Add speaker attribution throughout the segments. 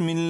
Speaker 1: بسم الله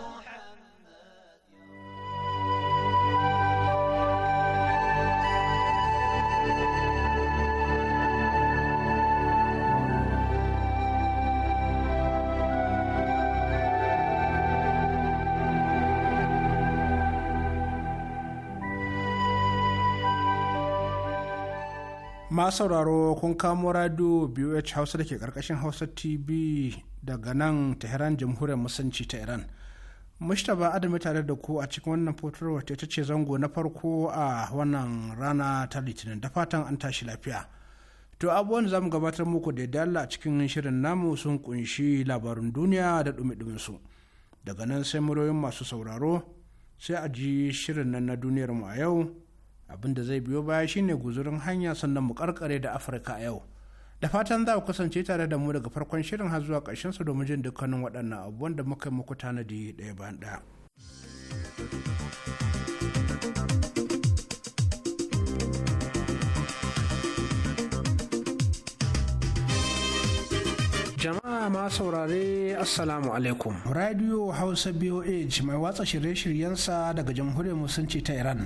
Speaker 2: masu sauraro kun kamo radio BOH Hausa da ke karkashin Hausa TV daga nan Tehran Jamhuriyar Musulunci ta Iran. Mushtaba adami tare da ku a cikin wannan fotarwar ta ce zango na farko a wannan rana ta Litinin da fatan an tashi lafiya. To abubuwan za mu gabatar muku da dala a cikin shirin namu sun kunshi labarin duniya da dumi su. Daga nan sai muryoyin masu sauraro sai a ji shirin nan na duniyar mu a yau. abin da zai biyo baya shine guzurin hanya sannan mu karkare da afirka a yau da fatan za ku kasance tare da mu daga farkon shirin har zuwa ƙarshen su domin jin dukkanin waɗannan abubuwan da muka yi muku tanadi ɗaya bayan ɗaya. Jama'a ma saurare Assalamu alaikum. Radio Hausa BOH mai watsa shirye-shiryensa daga Jamhuriyar Musulunci ta Iran.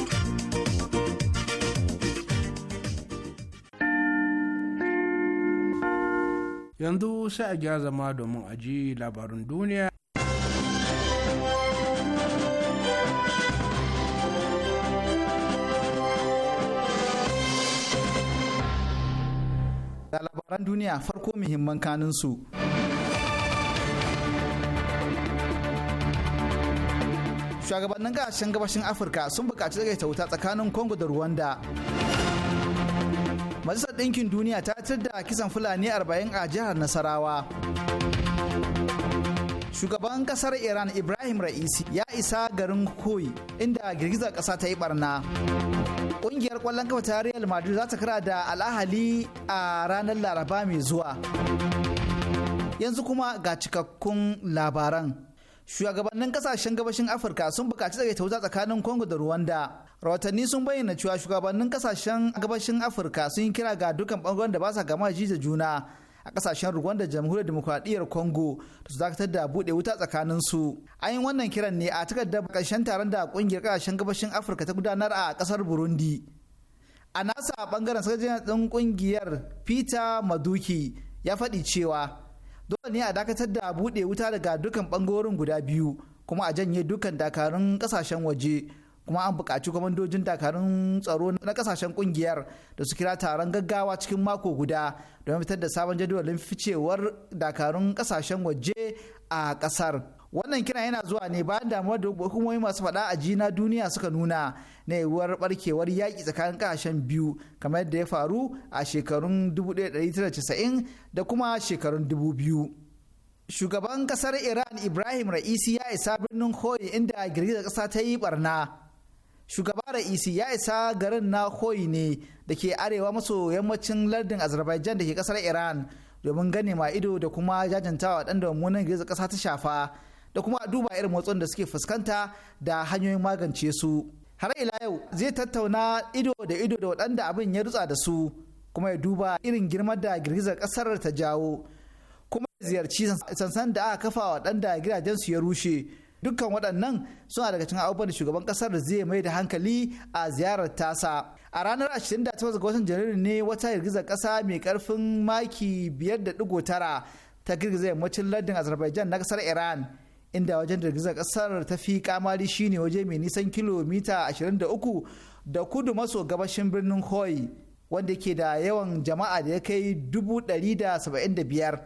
Speaker 2: yanzu sai a gyara zama domin a ji labarin duniya
Speaker 3: da labaran duniya farko muhimman kanin su. Shugabannin gashin gabashin Afirka sun buƙaci tsagaita wuta tsakanin Congo da Rwanda. majalisar ɗinkin duniya ta tir da kisan fulani 40 a jihar nasarawa shugaban ƙasar iran ibrahim ra'isi ya isa garin koyi inda girgizar ƙasa ta yi barna ƙungiyar ƙwallon kafa ta real madrid za ta kira da al'ahali a ranar laraba mai zuwa yanzu kuma ga cikakkun labaran shugabannin kasashen gabashin afirka sun bukaci daga tauta tsakanin congo da rwanda rahotanni sun bayyana cewa shugabannin kasashen gabashin afirka sun yi kira ga dukkan bangaren da ba sa gama da juna a kasashen rwanda jamhuriyar demokuraɗiyyar congo da su dakatar da buɗe wuta tsakanin su an yi wannan kiran ne a takardar ƙarshen taron da kungiyar kasashen gabashin afirka ta gudanar a kasar burundi a nasa bangaren sakajin ɗin ƙungiyar peter maduki ya faɗi cewa dole ne a dakatar da buɗe wuta daga dukkan ɓangarorin guda biyu kuma a janye dukkan dakarun ƙasashen waje kuma an buƙaci kwamandojin dakarun tsaro na ƙasashen ƙungiyar da su kira taron gaggawa cikin mako guda don fitar da sabon jadawalin ficewar dakarun ƙasashen waje a ƙasar wannan kira yana zuwa ne bayan damuwar da hukumomi masu faɗa a jina duniya suka nuna na yiwuwar barkewar yaƙi tsakanin ƙasashen biyu kamar yadda ya faru a shekarun 1990 da kuma shekarun 2000 shugaban kasar iran ibrahim ra'isi ya isa birnin hoyi inda girgizar kasa ta yi barna shugaba ra'isi ya isa garin na hoyi ne da ke arewa maso yammacin lardin azerbaijan da ke kasar iran domin gane ma ido da kuma jajantawa ɗan da mummunan girgizar kasa ta shafa da kuma a duba irin matsalolin da suke fuskanta da hanyoyin magance su har ila yau zai tattauna ido da ido da waɗanda abin ya rutsa da su kuma ya duba irin girman da girgizar ƙasar ta jawo kuma ziyarci sansan da aka kafa waɗanda su ya rushe dukkan waɗannan suna daga cikin abubuwan da shugaban ƙasar zai mai da hankali a ziyarar tasa a ranar 28 ga watan janairu ne wata girgizar ƙasa mai karfin maki 5.9 ta girgiza yammacin lardin azerbaijan na ƙasar iran inda wajen girgizar kasar ta fi kamari shine waje mai nisan kilomita 23 da kudu maso gabashin birnin hoi wanda ke da yawan jama'a da ya kai 175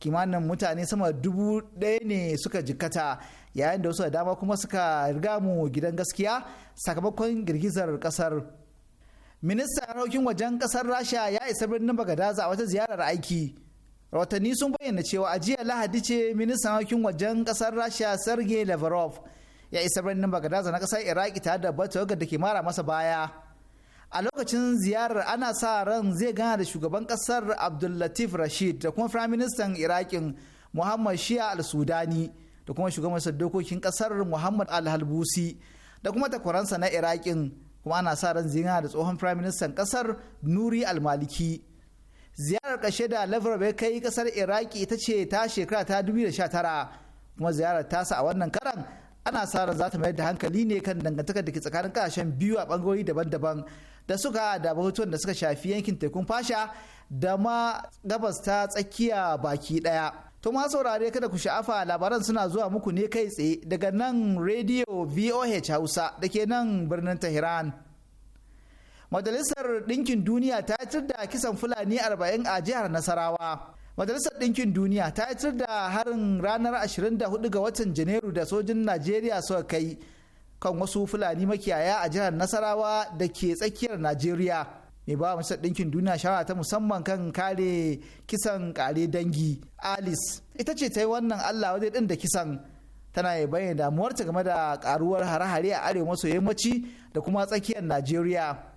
Speaker 3: kimanin mutane sama dubu ɗaya ne suka jikata yayin da wasu da dama kuma suka riga mu gidan gaskiya sakamakon girgizar kasar ministan harkokin wajen kasar rasha ya isa birnin bagadaza a wata ziyarar aiki rahotanni sun bayyana cewa a jiya lahadi ce ministan harkokin wajen kasar rasha sergei lavrov ya isa birnin bagadaza na kasar iraki tare da batogar da ke mara masa baya a lokacin ziyarar ana sa ran zai gana da shugaban kasar abdullatif rashid da kuma firaministan irakin muhammad shia al-sudani da kuma shugaban dokokin kasar muhammad al-halbusi da kuma takwaransa na irakin kuma ana sa ran zai gana da tsohon firaministan kasar nuri al-maliki ziyarar kashe da lavrov ya kai kasar iraki ita ce ta shekara ta 2019 kuma ziyarar tasa a wannan karan ana sa ran za ta mayar da hankali ne kan dangantakar da ke tsakanin ƙasashen biyu a bangarori daban-daban da suka da batutuwan da suka shafi yankin tekun fasha da ma gabas ta tsakiya baki ɗaya. To ma saurare kada ku sha'afa labaran suna zuwa muku ne kai tsaye daga nan Radio VOH Hausa da ke nan birnin Tehran. majalisar Dinkin duniya ta yi da kisan fulani 40 a jihar nasarawa majalisar ɗinkin duniya ta yi da harin ranar 24 ga watan janairu da sojin najeriya suka kai kan wasu fulani makiyaya a jihar nasarawa da ke tsakiyar najeriya mai ba majalisar ɗinkin duniya shawara ta musamman kan kare kisan kare dangi alice ita ce ta yi wannan allah wajen ɗin da kisan tana yi bayyana damuwarta game da karuwar hare-hare a arewa maso yammaci da kuma tsakiyar najeriya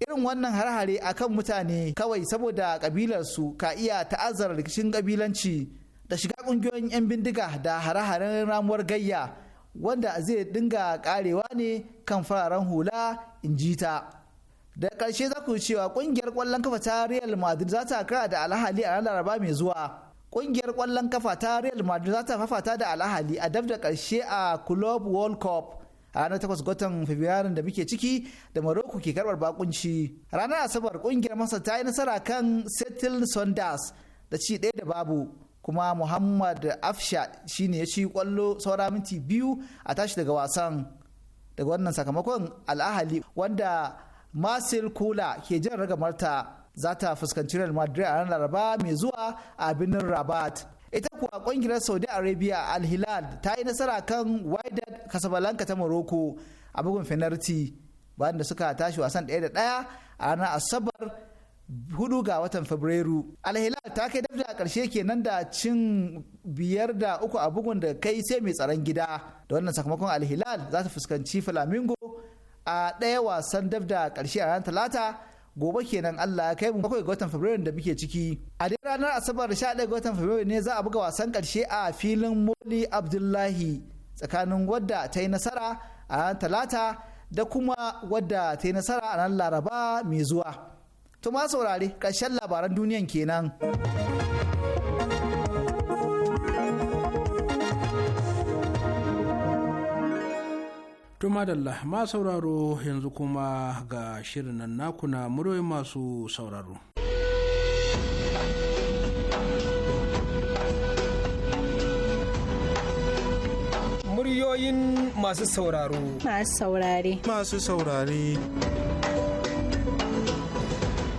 Speaker 3: irin wannan harhare a kan mutane kawai saboda kabilarsu ka iya ta'azzara rikicin kabilanci da shiga kungiyoyin 'yan bindiga da hare-haren ramuwar gayya wanda zai dinga karewa ne kan fararen hula in ji ta da ƙarshe za ku cewa ƙungiyar kwallon kafa ta real madrid za ta kara da alhali a ranar laraba mai zuwa ƙungiyar ƙwallon kafa ta real madrid za ta fafata da alhali a dab da ƙarshe a club world cup a ranar takwas watan fabrairun da muke ciki da maroko ke karbar bakunci ranar asabar kungiyar masar ta yi nasara kan settil sundas da ci ɗaya da babu kuma muhammad afsha shine ya ci kwallo saura minti biyu a tashi daga wasan daga wannan sakamakon al'ahali wanda masil kula ke jan ragamarta za ta fuskanci real madrid a ranar laraba mai zuwa a birnin rabat ita kuwa kungiyar saudi arabia al-hilal ta yi nasara kan wydad casablanca ta morocco a bugun fenarti bayan da suka tashi wasan ɗaya da ɗaya a ranar asabar hudu ga watan fabrairu al-hilal ta kai dabda a karshe kenan da cin biyar da uku a bugun da kai sai mai tsaron gida da wannan sakamakon al-hilal za ta fuskanci flamingo a ɗaya wasan dabda a karshe a ranar talata gobe kenan Allah ya kai mu bakwai ga watan Fabrairu da muke ciki. A dai ranar Asabar 11 ga watan Fabrairu ne za a buga wasan karshe a filin Moli Abdullahi tsakanin wadda ta yi nasara a ranar Talata da kuma wadda ta yi nasara a ranar Laraba mai zuwa. To ma saurare ƙarshen labaran duniyan kenan.
Speaker 2: To madalla ma sauraro yanzu kuma ga shirin nan naku na muryoyin masu sauraro.
Speaker 4: Muryoyin masu sauraro.
Speaker 1: Masu saurare. Masu
Speaker 4: saurare.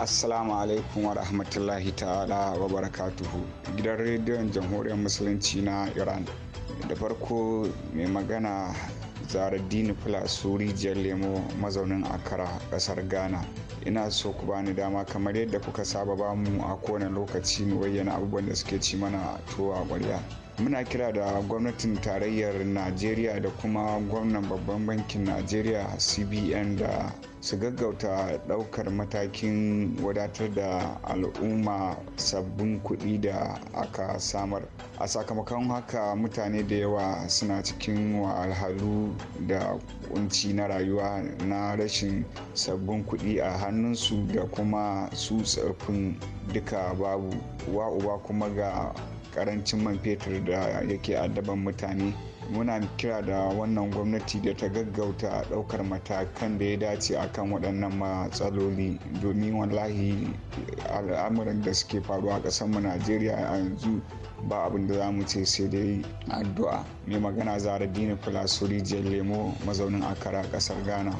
Speaker 5: assalamu alaikum wa rahmatullahi ta'ala wa barakatuhu gidan rediyon jamhuriyar musulunci na iran da farko mai magana zaraddini su rijiyar lemo mazaunin akara kasar ghana ina so ku bani dama kamar yadda kuka saba bamu a kowane lokaci mu bayyana abubuwan da suke ci mana tuwa a muna kira da gwamnatin tarayyar najeriya da kuma gwamnan babban bankin najeriya cbn da su gaggauta daukar matakin wadatar da al'umma sabbin kuɗi da aka samar a sakamakon haka mutane da yawa suna cikin wahalhalu da kunci na rayuwa na rashin sabbin kuɗi a hannunsu da kuma su tsafin duka babu wa uba kuma ga karancin man fetur da yake addaban mutane muna kira da wannan gwamnati da ta gaggauta ɗaukar matakan da ya dace akan waɗannan matsaloli domin wallahi al'amuran da suke faruwa a ƙasarmu najeriya a yanzu ba abin da za mu ce sai dai addu'a mai magana zara dini kula lemo mazaunin akara ƙasar ghana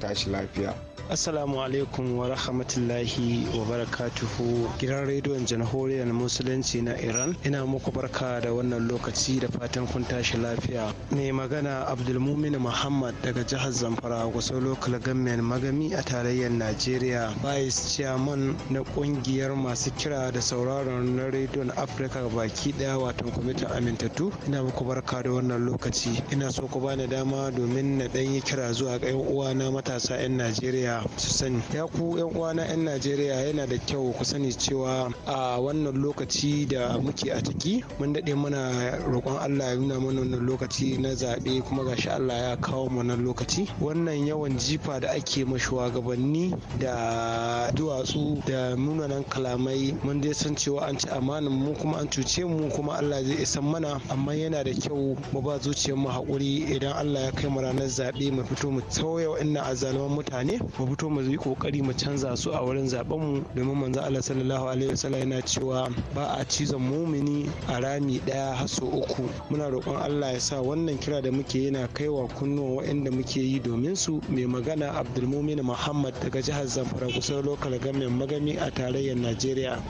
Speaker 5: tashi lafiya
Speaker 6: Assalamu alaikum wa rahmatullahi wa barakatuhu gidan rediyon jamhuriyar musulunci na Iran ina muku barka da wannan lokaci da fatan kun tashi lafiya. Mai magana Abdulmumin Muhammad daga jihar Zamfara kusa Local Government magami a tarayyar Najeriya Vice Chairman na kungiyar masu kira da sauraron na rediyon Afirka baki daya watan kwamitin amintattu ina muku barka da wannan lokaci ina so ku bani dama domin na ɗan kira zuwa ga 'yan uwa na matasa 'yan Najeriya su sani ya ku yan uwana yan najeriya yana da kyau ku sani cewa a wannan lokaci da muke a ciki mun daɗe mana roƙon allah ya nuna mana wannan lokaci na zaɓe kuma gashi allah ya kawo mu wannan lokaci wannan yawan jifa da ake ma shugabanni da duwatsu da munanan kalamai mun dai san cewa an ci amanan mu kuma an cuce mu kuma allah zai isa mana amma yana da kyau mu ba zuciyar mu haƙuri idan allah ya kai mu ranar zaɓe mu fito mu tauye wa'annan azzaluman mutane mu fito mu yi kokari mu canza su a wurin zaben mu domin manzo Allah sallallahu alaihi wasallam yana cewa ba a cizon mumini a rami daya har sau uku muna roƙon Allah ya sa wannan kira da muke yana kaiwa kunnuwan waɗanda muke yi domin su mai magana Abdulmumin Muhammad daga jihar Zamfara kusan lokal gamin magami a tarayyar Najeriya.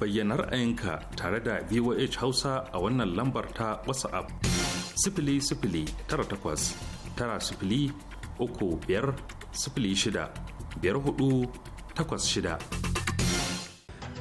Speaker 7: Bayyana ra'ayinka tare da VOH Hausa a wannan lambar ta WhatsApp. Sifili sifili tara takwas tara sifili uku biyar sifili shida biyar hudu takwas shida.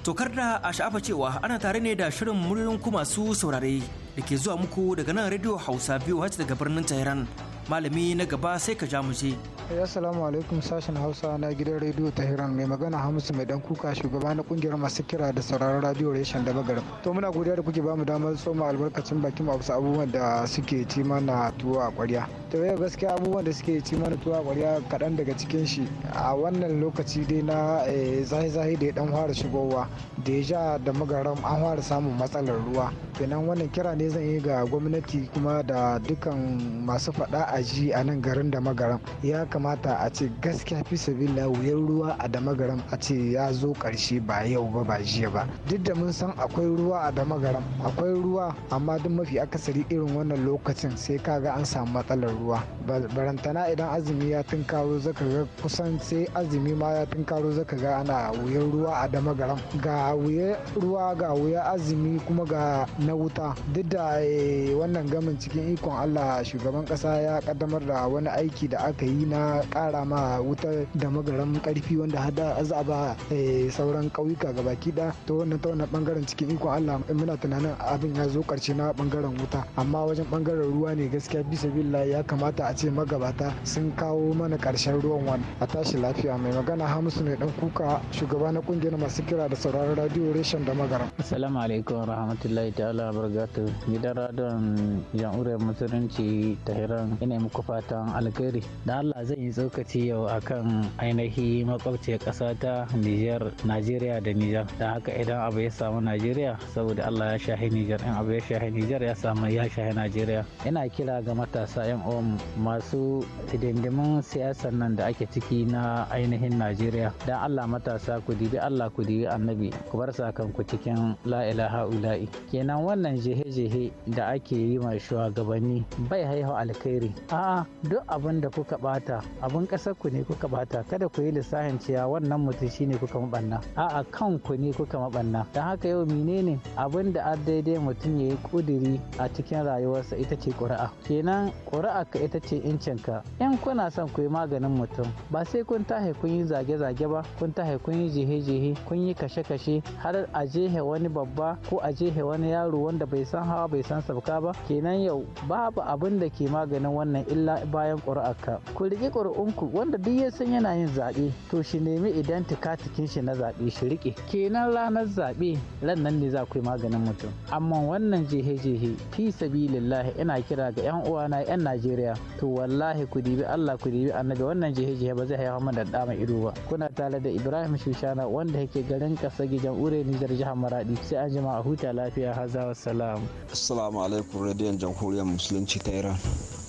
Speaker 4: Tokar da a sha'afa cewa ana tare ne da shirin muryoyin ku masu saurare da ke zuwa muku daga nan Radio Hausa biyu hajji daga birnin Tehran. Malami na gaba sai ka ja mu je.
Speaker 8: Eh, assalamu alaikum sashen hausa na gidan rediyo ta hiran mai magana hamisu mai dan kuka shugaba na kungiyar masu kira da sauraron radiyo reshen da bagaram to muna godiya da kuke bamu damar tsoma albarkacin bakin mu abubuwan da suke ci mana tuwo a kwarya to yau gaskiya abubuwan da suke ci mana tuwo a kwarya kaɗan daga cikin shi a wannan lokaci dai na eh, zahi-zahi da ya dan fara shigowa da ya ja da magaram an fara samun matsalar ruwa kenan wannan kira ne zan yi ga gwamnati kuma da dukkan masu faɗa a ji a nan garin da magaram ya kamata a ce gaskiya fi sabila wuyan ruwa a damagaram a ce ya zo karshe ba yau ba ba jiya ba duk da mun san akwai ruwa a damagaram akwai ruwa amma duk mafi akasari irin wannan lokacin sai kaga an samu matsalar ruwa barantana idan azumi ya tunkaro zaka ga kusan sai azumi ma ya tunkaro zaka ga ana wuyan ruwa a damagaram ga wuya ruwa ga wuya azumi kuma ga na wuta duk da eh, wannan gamin cikin ikon Allah shugaban kasa ya kaddamar da wani aiki da aka yi na kara ma wutar da magaran karfi wanda hada za a ba eh, sauran kauyuka ga baki da to wannan ta wani ɓangaren cikin ikon Allah muna tunanin abin ya zo karshe na ɓangaren wuta amma wajen bangaren ruwa ne gaskiya bisa billah ya kamata a ce magabata sun kawo mana karshen ruwan wani a tashi lafiya mai magana hamisu mai dan kuka shugaba na kungiyar masu kira da sauraron radio reshen da magaran.
Speaker 9: assalamu alaikum rahmatullahi ta'ala barakatu gidan radon jan'urar musulunci ta hiran ina muku fatan alkhairi da allah zan yi tsokaci yau akan ainihi makwabciyar ƙasa ta Nijar, Najeriya da Nijar. Da haka idan abu ya samu Najeriya saboda Allah ya shahi Nijar, in abu ya shahi Nijar ya samu ya shahi Najeriya. Ina kira ga matasa 'yan uwan masu tidindimin siyasar nan da ake ciki na ainihin Najeriya. Dan Allah matasa ku dibi Allah ku dibi annabi ku bar ku cikin la'ilaha ilaha Kenan wannan jehe-jehe da ake yi ma shugabanni bai haihu alkhairi. A'a duk abin da kuka bata abin ƙasar ku ne kuka bata kada ku yi lissafin cewa wannan mutum shine kuka mabanna a'a kan ku ne kuka mabanna don haka yau menene abin da an daidai mutum ya yi ƙudiri a cikin rayuwarsa ita ce ƙuri'a kenan ƙuri'a ka ita ce incinka in kuna son ku yi maganin mutum ba sai kun tahe kun yi zage-zage ba kun tahe kun yi jehe jihe kun yi kashe-kashe har a jehe wani babba ko a jehe wani yaro wanda bai san hawa bai san sauka ba kenan yau babu abin da ke maganin wannan illa bayan ka ku riƙi zaɓi ƙuri'unku wanda duk ya san yana yin zaɓe to shi nemi idan tikatikin shi na zaɓe shi riƙe kenan ranar zaɓe ran nan ne za ku yi maganin mutum amma wannan jehe-jehe fi sabilillahi ina kira ga yan uwana yan najeriya to wallahi ku dibi allah ku dibi annabi wannan jehe-jehe ba zai haifa mana da mai ido ba kuna tare da ibrahim shushana wanda yake garin ƙasa gidan ure nijar jihar maradi sai an jima a huta lafiya hazawa salam
Speaker 10: assalamu alaikum radiyon jamhuriyar musulunci ta iran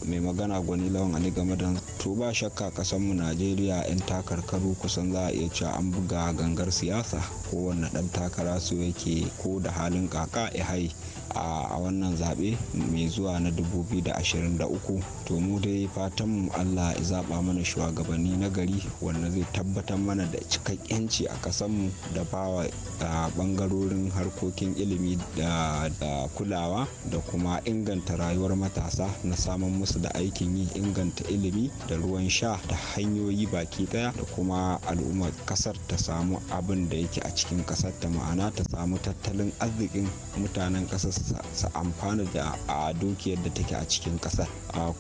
Speaker 10: mai magana gwani lawan ali game da to ba shakka kasanmu najeriya 'yan takarkaru kusan za a iya cewa an buga gangar siyasa kowane dan takara su yake ko da halin kaka ya hai a wannan zaɓe mai zuwa na 2023 to mu dai fatan mu allah zaɓa mana shugabanni na gari wanda zai tabbatar mana da cikakkenci a ƙasanmu da bawa bangarorin harkokin ilimi da kulawa da kuma inganta rayuwar matasa na samun musu da aikin yi inganta ilimi da ruwan sha da hanyoyi baki daya da kuma al'ummar kasar ta samu abin da yake a cikin kasar ta ma'ana ta samu tattalin arzikin mutanen kasar su amfana da a dukiyar da take a cikin ƙasar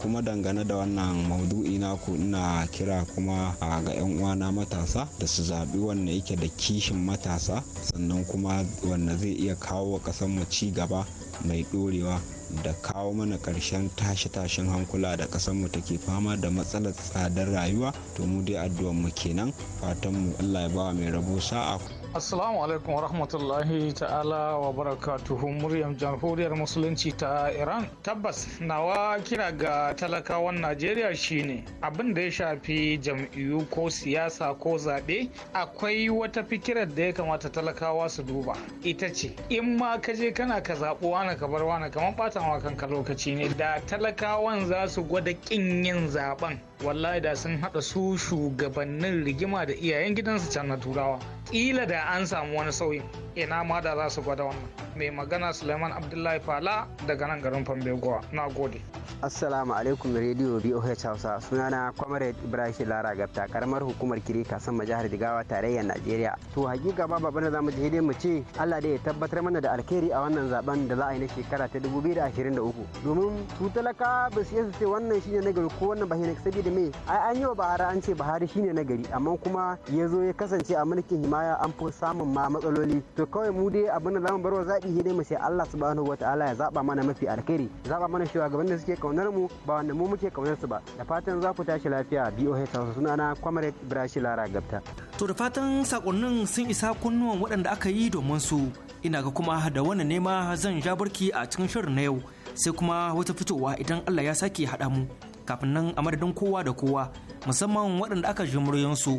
Speaker 10: kuma dangane da wannan maudu'i naku ina kira kuma ga 'yan uwana matasa da su zaɓi wanda yake da kishin matasa sannan kuma wanda zai iya kawo wa mu ci gaba mai ɗorewa da kawo mana ƙarshen tashe-tashen hankula da ƙasarmu take fama da matsalar tsadar rayuwa to mu dai addu'ar mu kenan fatanmu mu Allah ya ba mai rabo sa'a
Speaker 8: Assalamu alaikum wa rahmatullahi ta'ala wa barakatuhu muryar jamhuriyar musulunci ta Iran. Tabbas nawa kira ga talakawan Najeriya shine abin da ya shafi jam'iyyu ko siyasa ko zaɓe akwai wata fikirar da ya kamata talakawa su duba ita ce in ma ka je kana ka zaɓo wani ka bar wani kamar ɓata kanka lokaci ne da talakawan za su gwada ƙin yin zaɓen wallahi da sun haɗa su shugabannin rigima da iyayen gidansu can na turawa ƙila da an samu wani sauyin ina ma da za su gwada wannan mai magana suleiman abdullahi fala
Speaker 11: daga nan garin fambegowa na gode assalamu alaikum radio boh hausa na comrade ibrahim lara gabta karamar hukumar kiri kasan majahar jigawa tarayyar najeriya to hakika ba babban da zamu je mu ce allah dai ya tabbatar mana da alkhairi a wannan zaben da za a yi na shekara ta uku. domin su talaka ba su iya su ce wannan shine gari ko wannan ba shine saboda me ai an yi wa bahari an ce bahari shine na gari amma kuma ya zo ya kasance a mulkin himaya an fi samun ma matsaloli to kawai mu dai abin da zamu bar wa zaɓi dai mu sai Allah subhanahu wataala ya zaba mana mafi alkhairi zaba mana shugaban da suke kaunar mu ba wanda mu muke kaunar su ba da fatan za ku tashi lafiya BOH Hausa sunana Comrade Ibrahim Lara Gabta
Speaker 4: to da fatan sakonnin sun isa kunnuwan waɗanda aka yi domin su ina
Speaker 11: ga kuma da wannan
Speaker 4: nema zan ja barki a cikin shirin na yau sai kuma wata fitowa idan Allah ya sake haɗa mu kafin nan a madadin kowa da kowa musamman waɗanda aka ji muryansu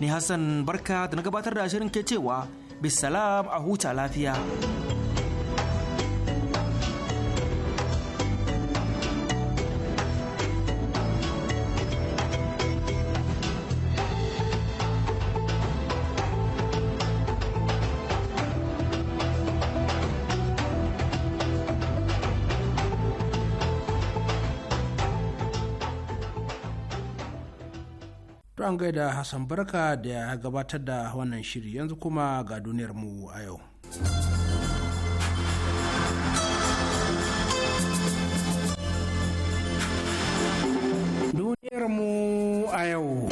Speaker 4: ni Hassan barka da na gabatar da shirin ke cewa bisalam a huta lafiya.
Speaker 2: an gaida Hassan Barka da ya gabatar da wannan shiri yanzu kuma ga duniyar mu a yau.
Speaker 7: Duniyar mu a yau.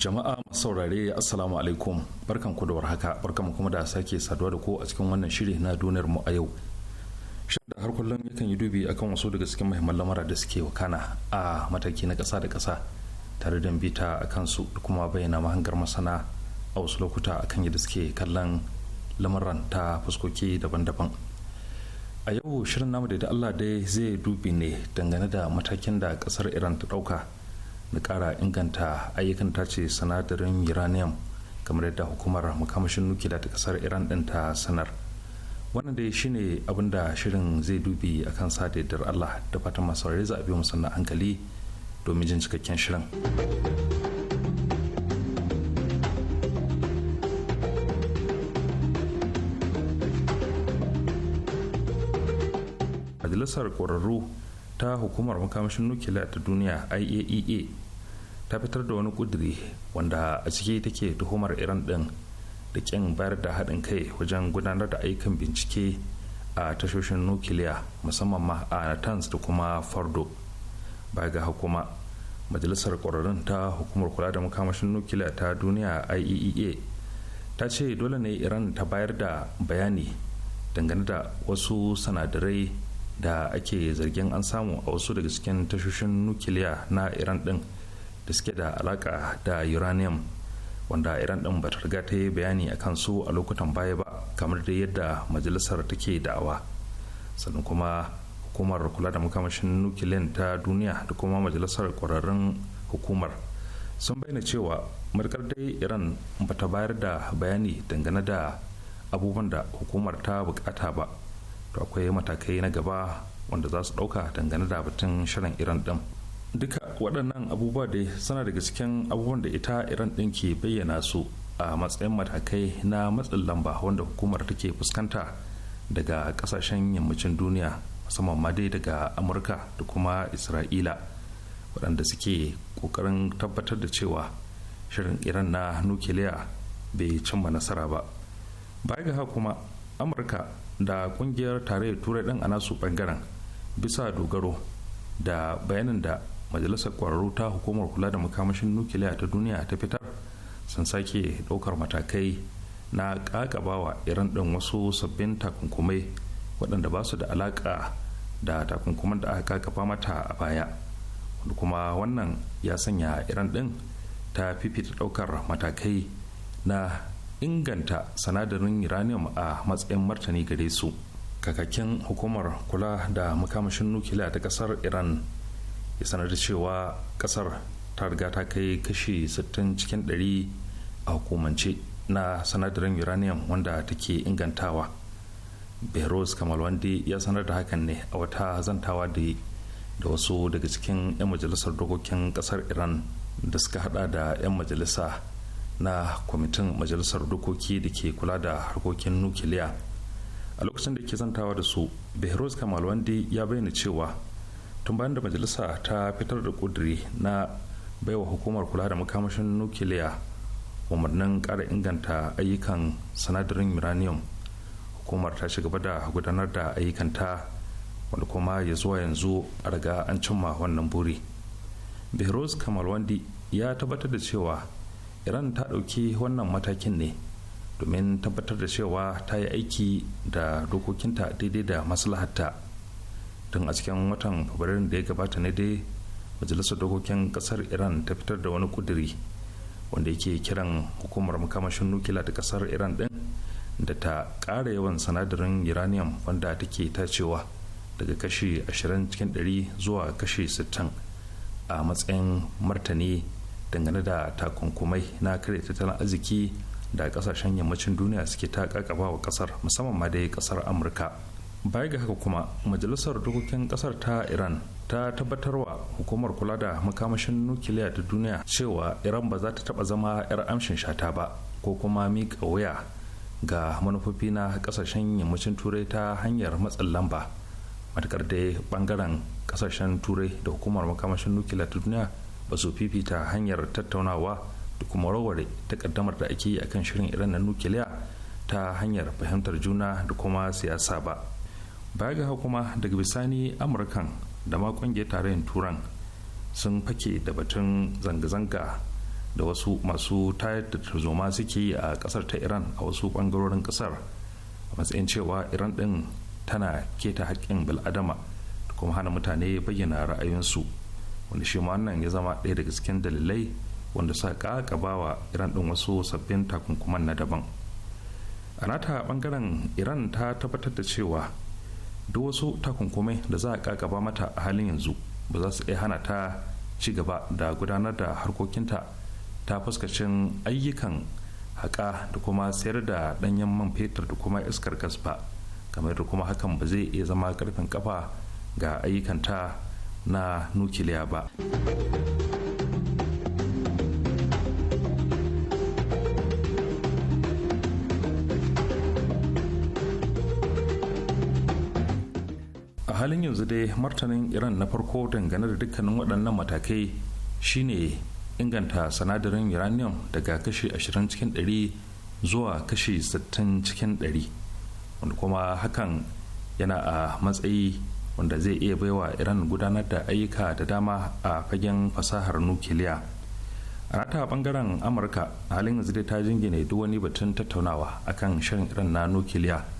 Speaker 7: Jama'a saurare Assalamu alaikum barkan ku da warhaka barkan kuma da sake saduwa da ku a cikin wannan shiri na duniyar mu a yau. da har kullum yakan yi dubi akan wasu daga cikin muhimman lamura da suke wakana a mataki na ƙasa da kasa tare da bita a kansu da kuma bayyana mahangar masana a wasu lokuta akan yadda suke kallon lamuran ta fuskoki daban-daban a yau shirin namu da Allah dai zai dubi ne dangane da matakin da ƙasar iran ta ɗauka na kara inganta ayyukan tace sinadarin uranium kamar yadda hukumar makamashin nukila ta ƙasar iran ɗin ta sanar wannan dai shine abin da shirin zai dubi a kan sadaidar allah da fatan masu saurari za a biyo hankali domin jin cikakken shirin majalisar ƙwararru ta hukumar makamashin nukiliya ta duniya iaea e ta fitar da wani ƙudiri wanda a ciki take tuhumar iran ɗin da ƙin bayar da haɗin kai wajen gudanar da aikin bincike a tashoshin nukiliya musamman ma a natanz da kuma fardo baya ga hukuma majalisar ƙwararrun ta hukumar kula da makamashin nukiliya ta duniya iaea e ta ce dole ne iran ta bayar da bayani dangane da wasu sanadarai da ake zargin an samu a wasu daga cikin tashoshin nukiliya na iran din da suke da alaka da uranium wanda iran din bata riga ta yi bayani a kan su a lokutan baya ba kamar da yadda majalisar take da'awa sannan kuma hukumar kula da makamashin nukiliyan ta duniya da kuma majalisar kwararrun hukumar sun bayyana cewa markar dai iran bata bayar da bayani dangane da abubuwan da hukumar ta bukata ba to akwai matakai na gaba wanda za su dauka dangane da batun shirin iran din duka waɗannan abubuwa da suna daga cikin abubuwan da ita iran ɗin ke bayyana su a matsayin matakai na matsin lamba wanda hukumar take fuskanta daga ƙasashen yammacin duniya musamman ma dai daga amurka da kuma isra'ila waɗanda suke ƙoƙarin tabbatar da cewa shirin iran na nukiliya bai cimma nasara ba baya ga haka kuma amurka da ƙungiyar tarayyar turai ɗin a nasu ɓangaren bisa dogaro da bayanin da majalisar kwararru ta hukumar kula da makamashin nukiliya ta duniya ta fitar sun sake ɗaukar matakai na ƙaƙabawa iran ɗin wasu sabbin takunkumai waɗanda ba su da alaƙa da takunkuman da aka ƙaƙaba mata a baya kuma wannan ya sanya iran ɗin ta fifita ɗaukar matakai na inganta sanadarin uranium a matsayin martani gare su kakakin hukumar kula da makamashin nukiliya ta ƙasar iran ya sanar da cewa kasar ta riga ta kai kashi 60 cikin 100 a hukumance na sanadarin uranium wanda take ingantawa beros kamal wande ya sanar da hakan ne a wata zantawa da da wasu daga cikin 'yan majalisar dokokin kasar iran da suka hada da 'yan majalisa na kwamitin majalisar dokoki da ke kula da harkokin nukiliya a lokacin da ke zantawa da su beros kamal wande ya bayyana cewa tun bayan da majalisa ta fitar da kuduri na baiwa hukumar kula da makamashin nukiliya umarnin kara inganta ayyukan sinadarin uranium hukumar ta shiga da gudanar da ayyukanta wanda kuma ya zuwa yanzu a riga an cimma wannan buri behrouz kamalwandi ya tabbatar da cewa iran ta ɗauki wannan matakin ne domin tabbatar da cewa ta yi aiki da dokokinta daidai da maslahatta tun a cikin watan fabrairun da ya gabata ne dai majalisar dokokin kasar iran ta fitar da wani kuduri wanda yake kiran hukumar makamashin nukila da kasar iran din da ta ƙara yawan sanadarin uranium wanda take tacewa daga kashi 20 cikin 100 zuwa kashi 60 a matsayin martani dangane da takunkumai na kare tattalin arziki da kasashen yammacin duniya suke ta kakaba wa kasar musamman ma dai kasar amurka baya ga haka kuma majalisar dokokin kasar ta iran ta tabbatar wa hukumar kula da makamashin nukiliya ta duniya cewa iran ba za ta taba zama 'yar amshin shata ba ko kuma mika waya ga manufofi na kasashen yammacin turai ta hanyar matsin lamba matakar dai bangaren kasashen turai da hukumar makamashin nukiliya ta duniya ba su fifita hanyar tattaunawa da kuma ta takaddamar da ake yi akan shirin iran na nukiliya ta hanyar fahimtar juna da kuma siyasa ba baya ga kuma daga bisani amurkan da ma kungiyar tarayyar turan sun fake da batun zanga-zanga da wasu masu tayar da tarzoma suke yi a kasar ta iran a wasu bangarorin kasar a matsayin cewa iran din tana keta haƙƙin bil'adama da kuma hana mutane bayyana ra'ayinsu wanda shi ma wannan ya zama ɗaya daga cikin dalilai wanda sa ƙaƙaba wa iran din wasu sabbin takunkuman na daban a nata bangaren iran ta tabbatar da cewa duk wasu takunkumai da za a kakaba mata a halin yanzu ba za su iya hana ta ci gaba da gudanar da harkokinta ta fuskacin ayyukan haƙa da kuma sayar da ɗanyen man fetur da kuma iskar gas ba kamar da kuma hakan ba zai iya zama ƙarfin ƙafa ga ayyukanta na nukiliya ba. halin yanzu dai martanin iran na farko dangane da dukkanin waɗannan matakai shine inganta sanadarin uranium daga kashi 20 cikin 100 zuwa kashi 60 cikin 100 wanda kuma hakan yana a matsayi wanda zai iya baiwa iran gudanar da ayyuka da dama a fagen fasahar nukiliya a rata bangaren amurka halin yanzu dai ta jingine duk wani batun tattaunawa akan shan iran na nukiliya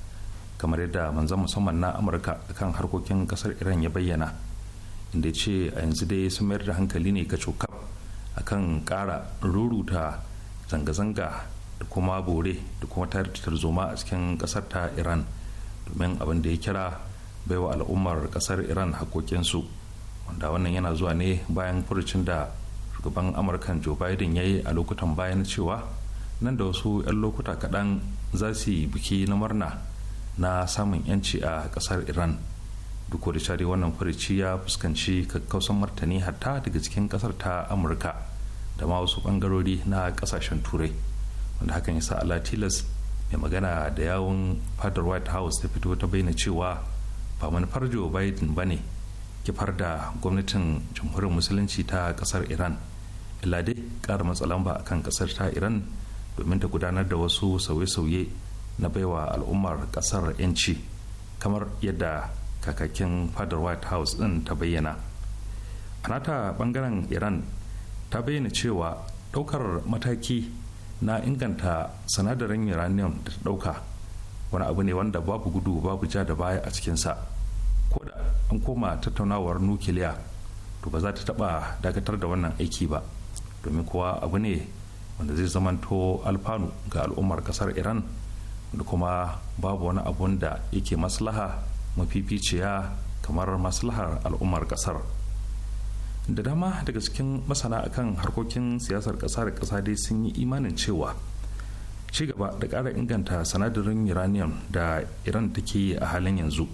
Speaker 7: kamar yadda manzan musamman na amurka kan harkokin kasar iran ya bayyana inda ce a yanzu dai sun mayar da hankali ne kacokap a kan kara ruruta zanga-zanga da kuma bore da kuma tarihtar zoma a cikin kasar ta iran domin abin da ya kira baiwa al'ummar kasar iran hakokinsu wanda wannan yana zuwa ne bayan furucin da shugaban amurkan joe biden ya yi a lokutan bayan cewa nan da wasu 'yan lokuta kaɗan za su yi biki na murna na samun yanci a kasar iran duk da share wannan furici ya fuskanci kakkausan martani hatta daga cikin kasar ta amurka da ma wasu bangarori na kasashen turai wanda hakan ya sa ala tilas mai magana da yawon fadar white house ta fito ta bayyana cewa ba manufar joe biden ba ne kifar da gwamnatin jamhuriyar musulunci ta kasar iran illa dai kara ba akan kasar ta iran domin ta gudanar da wasu sauye-sauye na baiwa al'ummar kasar 'yanci kamar yadda kakakin fadar white house din ta bayyana a nata bangaren iran ta bayyana cewa daukar mataki na inganta sinadarin uranium da ta dauka wani abu ne wanda babu gudu babu ja da baya a cikinsa ko da an koma tattaunawar nukiliya to ba za ta taba dakatar da wannan aiki ba domin kuwa abu ne wanda zai zamanto alfanu ga al'ummar kasar iran da kuma babu wani abun da yake maslaha mafificiya kamar maslahar al'ummar kasar da dama daga cikin masana akan harkokin siyasar kasa da kasa dai sun yi imanin cewa ci gaba da ƙara inganta sanadarin uranium da iran take yi a halin yanzu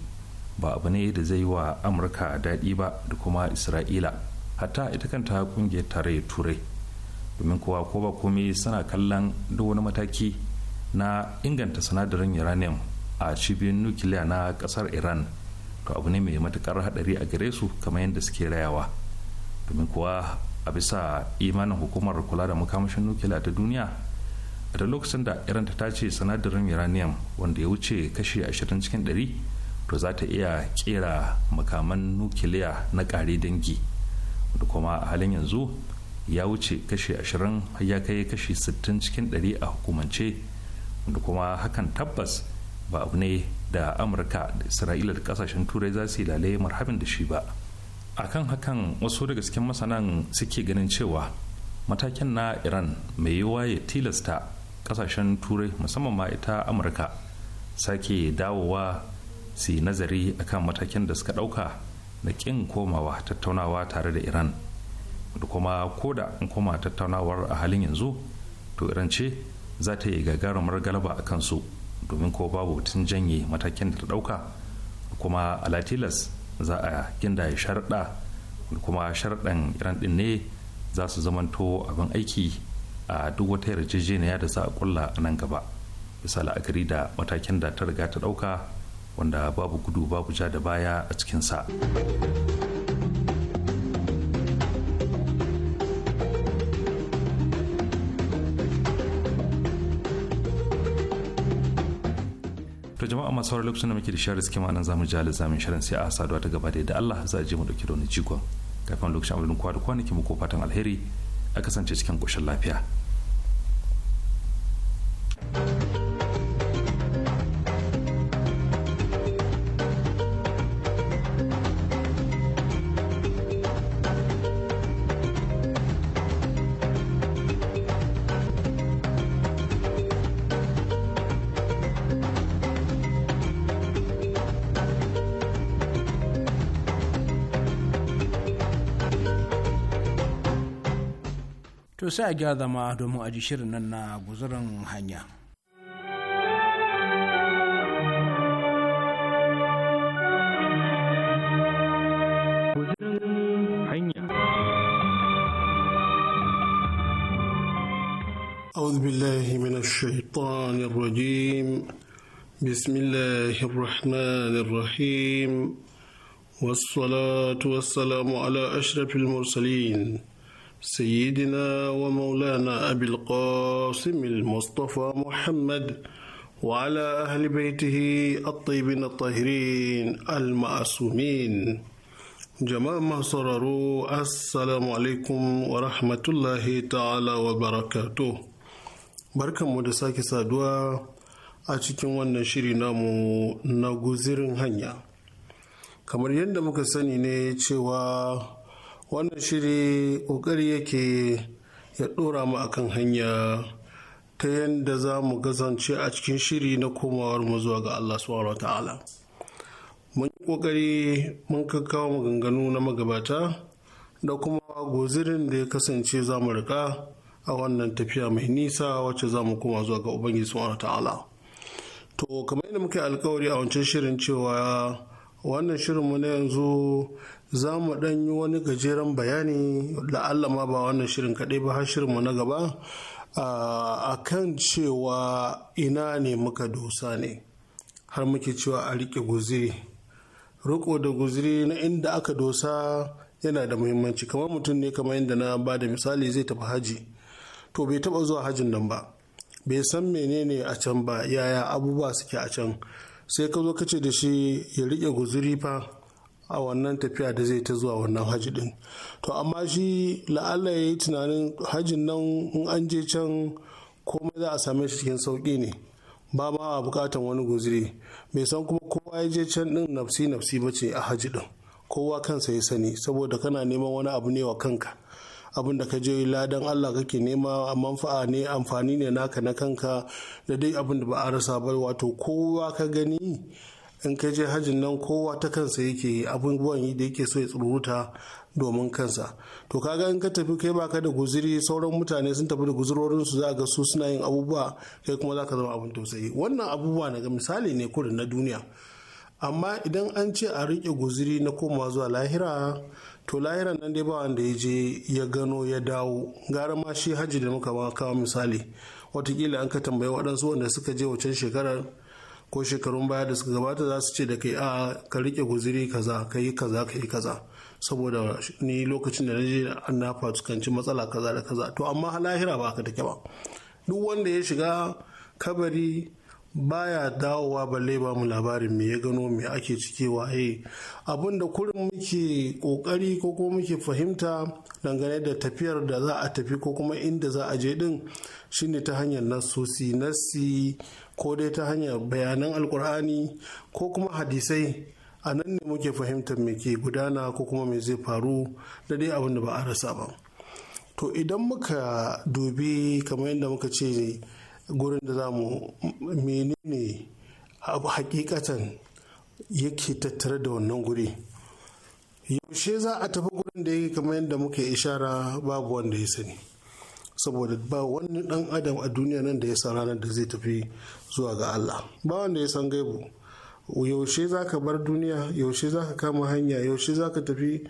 Speaker 7: ba abu ne da zai yi wa amurka daɗi ba da kuma isra'ila hatta ita kanta kungiyar tare turai domin kowa ko ba komai suna kallon duk wani mataki na inganta sinadarin uranium a cibiyoyin nukiliya na kasar iran to abu ne mai matukar hadari a gare su kamar yadda suke rayawa domin kuwa a bisa imanin hukumar kula da makamashin nukiliya ta duniya a da lokacin da iran ta tace sinadarin uranium wanda ya wuce kashi ashirin cikin 100 to za ta iya kera makaman nukiliya na kare dangi da kuma a halin yanzu ya wuce kashi 20 ya kai kashi 60 cikin 100 a hukumance kuma hakan tabbas ba abu ne da amurka da isra'ila da kasashen turai za su yi lalai marhabin da shi ba a kan hakan wasu daga cikin masanan suke ganin cewa matakin na iran mai yiwuwa ya tilasta kasashen turai musamman ma ita amurka sake dawowa su yi nazari akan matakin da suka dauka da kin komawa tattaunawa tare da iran da kuma koda in koma tattaunawar a halin yanzu to iran ce za ta yi gagarumar galaba a kansu domin ko babu tun janye matakin da ta ɗauka kuma alatilas za a ginda sharaɗa kuma sharaɗan iran ɗin ne za su zamanto abin aiki a duk wata yarjejeniya da za a kulla a nan gaba bisa la'akari da matakin da ta riga ta dauka wanda babu gudu babu ja da baya a cikinsa. masu wani lokacin da muke da shirin suke ma'anar zamu ji alizamin shirin sai a saduwa ta gaba da Allah za a je mu dauki da wani jigon kafin lokacin abin kwa da kwanaki mu ko fatan alheri a kasance cikin koshin lafiya.
Speaker 2: sai a gya zama domin aji shirin nan na guzurin hanya.
Speaker 12: أعوذ بالله من الشيطان الرجيم بسم الله الرحمن الرحيم والصلاة والسلام على أشرف المرسلين سيدنا ومولانا أبي القاسم المصطفى محمد وعلى أهل بيته الطيبين الطاهرين المعصومين jama'a masu sauraro assalamu alaikum wa rahmatullahi ta'ala wa barakato mu da sake saduwa a cikin wannan shiri namu na guzirin hanya kamar yadda muka sani ne cewa wannan shiri kokari yake ya ɗora mu akan hanya ta yadda za mu kasance a cikin shiri na komawar mu zuwa ga Allah subhanahu ta'ala mun yi ƙoƙari mun kakkawa maganganu na magabata da kuma gozirin da ya kasance za mu riƙa a wannan tafiya mai nisa wacce za mu koma zuwa ga ubangiji subhanahu ta'ala to kamar yadda muka alkawari a wancan shirin cewa wannan shirin mu na yanzu za mu ɗan yi wani gajeren bayani la'alla ma ba wannan shirin kaɗai ba har shirinmu na gaba a kan cewa ina ne muka dosa ne har muke cewa a riƙe guziri riko da guziri na inda aka dosa yana da muhimmanci kamar mutum ne kamar inda na ba da misali zai tafi haji to bai taɓa zuwa hajin nan ba bai san menene a can ba yaya abubuwa suke a can sai ka zo ka ce da shi ya riƙe guziri fa a wannan tafiya da zai ta zuwa wannan hajji din to amma shi la'alla ya yi tunanin hajin nan in an je can komai za a same shi cikin sauƙi ne ba ma a bukatan wani guziri bai san kuma kowa ya je can din nafsi nafsi ba ce a hajji din kowa kansa ya sani saboda kana neman wani abu ne wa kanka abin da ka je ladan Allah kake nema manfa'a ne amfani ne naka na kanka da dai abin da ba a rasa ba wato kowa ka gani in kai je hajjin nan kowa ta kansa yake abubuwan da yake so ya tsuruta domin kansa to kaga in ka tafi kai baka da guziri sauran mutane sun tafi da guzurorin su za ga su suna yin abubuwa kai kuma za ka zama abin tausayi wannan abubuwa na ga misali ne kurin na duniya amma idan an ce a rike guziri na koma zuwa lahira to lahira nan dai ba wanda ya je ya gano ya dawo gara ma shi hajji da muka kawo misali watakila an ka tambayi waɗansu wanda suka je wacan shekarar ko shekarun baya da suka gabata za su ce da kai a ka rike guziri kaza ka yi kaza ka yi kaza saboda ni lokacin da naje an na fatukanci matsala kaza da kaza to amma lahira ba ka take ba duk wanda ya shiga kabari baya dawowa balle ba mu labarin me ya gano me ake cike waye abin da kurin muke kokari ko kuma muke fahimta dangane da tafiyar da za a tafi ko kuma inda za a je din shine ta hanyar nasosi nasi ko dai ta hanyar bayanan alkur'ani ko kuma hadisai a nan ne muke fahimtar me ke gudana ko kuma me zai faru da dai abin da ba a rasa ba to idan muka dubi kamar yadda muka ce gurin da za menene abu hakikatan yake tattare da wannan guri yaushe za a tafi gurin da yake kamar yadda muka ishara babu wanda ya sani saboda ba wani dan adam a duniya nan da ya san ranar da zai tafi zuwa ga Allah ba wanda ya san gaibu yaushe za ka bar duniya yaushe za ka kama hanya yaushe za ka tafi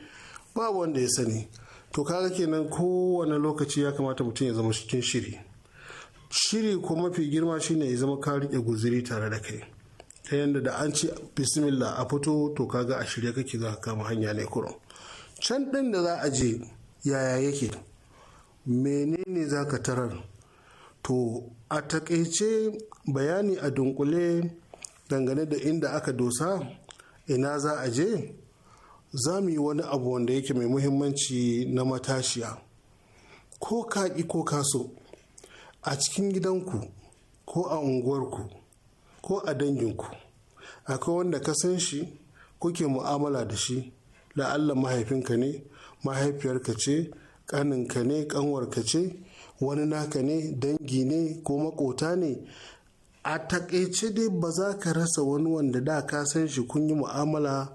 Speaker 12: ba wanda ya sani to kaga kenan kowane lokaci ya kamata mutum ya zama cikin shiri shiri ko mafi girma shine ya zama ka riƙe guziri tare da kai ta yadda da an ce bismillah a fito to kaga a shirye kake za ka kama hanya ne kurum can ɗin da za a je yaya yake menene za ka tarar to a takaice bayani a dunkule dangane da inda aka dosa ina za a je za mu yi wani abu wanda yake mai muhimmanci na matashiya ko kaƙi ko so a cikin gidanku ko a unguwarku ko a danginku akwai wanda ka san shi kuke mu'amala da shi la'allah mahaifinka ne mahaifiyarka ce kaninka ne kanwarka ce wani naka ne dangi ne ko makota ne a takaice dai ba za ka rasa wani wanda da ka san shi kun yi mu'amala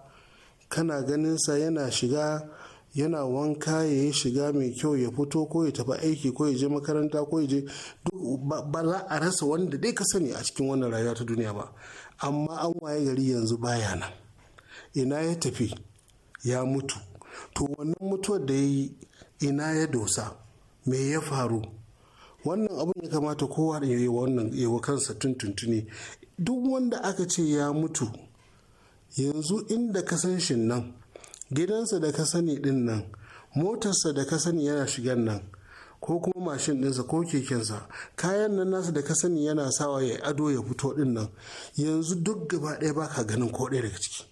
Speaker 12: kana ganin sa yana shiga yana wanka ya yi shiga mai kyau ya fito ko ya tafi aiki ko ya je makaranta ko ya je ba za a rasa wanda dai ka sani a cikin wannan rayuwa ta duniya ba amma an waye gari yanzu baya nan ina ya tafi ya mutu to wannan mutuwar da ya yi ina ya dosa me ya faru wannan abin ya kamata kowa da yi wannan yawa kansa tuntuntuni duk wanda aka ce ya mutu yanzu inda ka san shi nan gidansa da ka sani din nan motarsa da ka sani yana shigan nan ko kuma mashin ɗinsa ko kekensa kayan nan nasa da ka sani yana sawa ya ado ya fito din nan yanzu duk gaba ɗaya baka ganin ko ɗaya daga ciki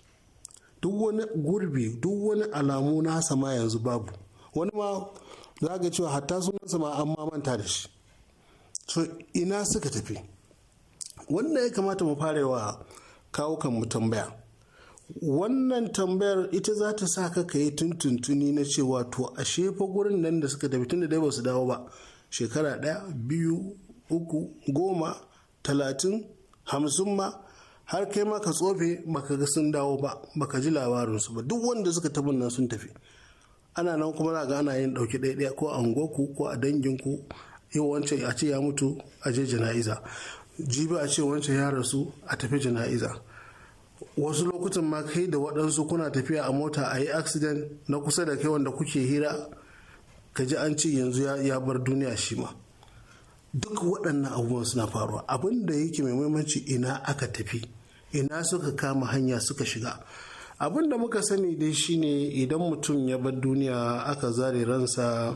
Speaker 12: duk wani gurbi duk wani alamu nasa ma yanzu babu wani ma za ga cewa hatta sunansa ma an manta da shi so ina suka tafi wannan ya kamata mu fara kawo kan mu tambaya wannan tambayar ita za ta sa ka yi tuntuntuni na cewa to a shefa gurin nan da suka tafi tunda dai ba su dawo ba shekara ɗaya biyu uku goma talatin hamsin ma har kai maka tsofe baka ga sun dawo ba baka ji labarinsu ba duk wanda suka tabin nan sun tafi ana nan kuma za ga ana yin ɗauki ɗaya ko a unguwarku ko a danginku yi wancan a ce ya mutu a je jana'iza jibi a ce wancan ya rasu a tafi jana'iza wasu lokutan ma kai da waɗansu kuna tafiya a mota a yi accident na kusa da kai wanda kuke hira ka ji an ce yanzu ya bar duniya shi ma duk waɗannan abubuwan suna faruwa abin da yake mai muhimmanci ina aka tafi ina suka kama hanya suka shiga abin da muka sani dai shine idan mutum ya bar duniya aka zare ransa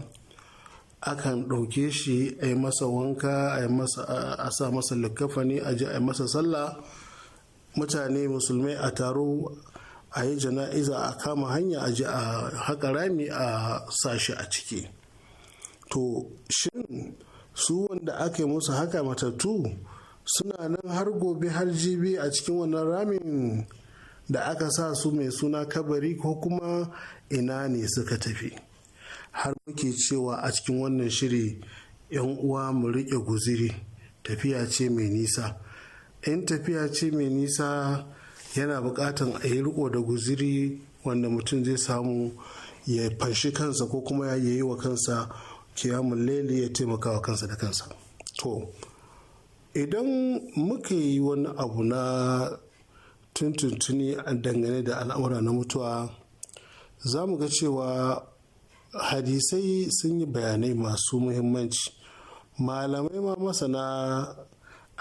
Speaker 12: akan ɗauke shi a yi masa wanka a sa masa likafani a ji a yi masa sallah mutane musulmai a taro a yi jana'iza a kama hanya a ji a haƙa rami a sashi a ciki to shin su wanda aka yi musu haka matattu suna nan har gobe har jibi a cikin wannan ramin da aka sa su mai suna kabari ko kuma ina ne suka tafi har muke cewa a cikin wannan shiri yan uwa mu riƙe guziri tafiya ce mai nisa in tafiya ce mai nisa yana buƙatan a yi riko da guziri wanda mutum zai samu ya fanshi kansa ko kuma ya yi wa kansa kiyamun laili ya taimaka wa kansa da kansa to idan muka yi wani abu na tuntuntuni dangane da al'amura na mutuwa za mu ga cewa hadisai sun yi bayanai masu muhimmanci malamai ma masana